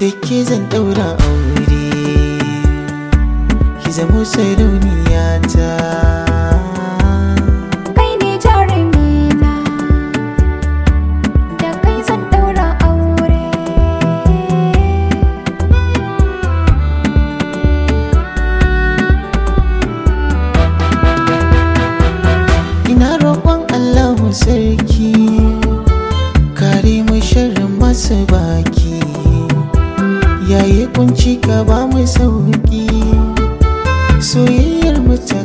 da zan daura aure ki zamo sarauniya ta yaye kunci ka ba mu sauki soyayyar mu ta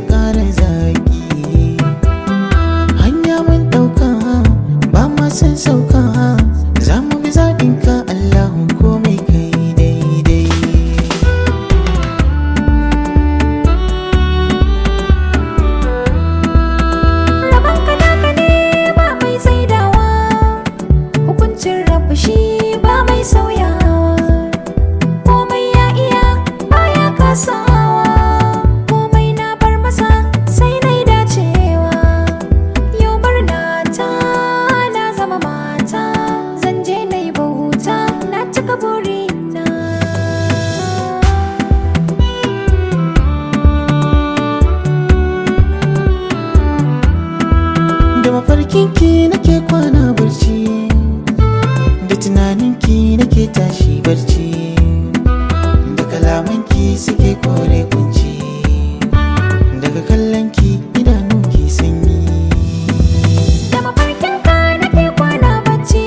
mafarkinki nake kwana barci da tunaninki nake tashi barci da kalamanki suke kore kunci daga kallonki ki sanyi da mafarkinka nake kwana barci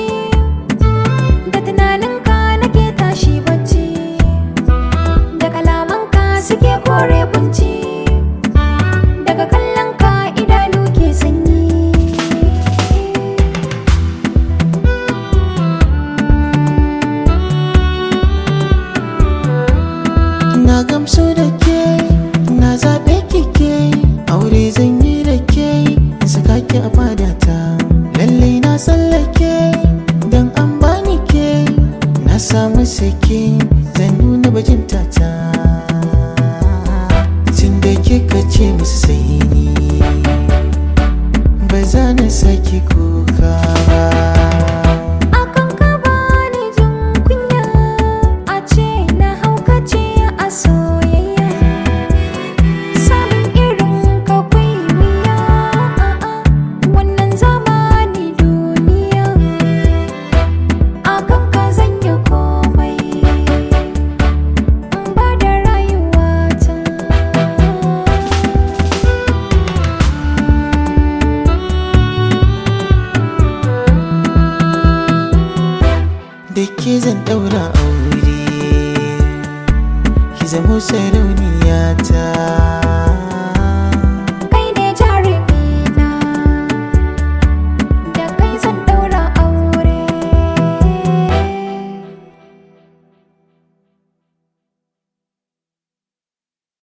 da tunaninka nake tashi barci da kalamanka suke kore kunci so da ke na zaɓe kike aure zan yi da ke saka a fadata lalle na tsallake don an bani ke na samu sake zan nuna bajinta ta tun da kika ce musu sayi ni ba za na sake ko da zan daura aure ki zamo sarauniya ta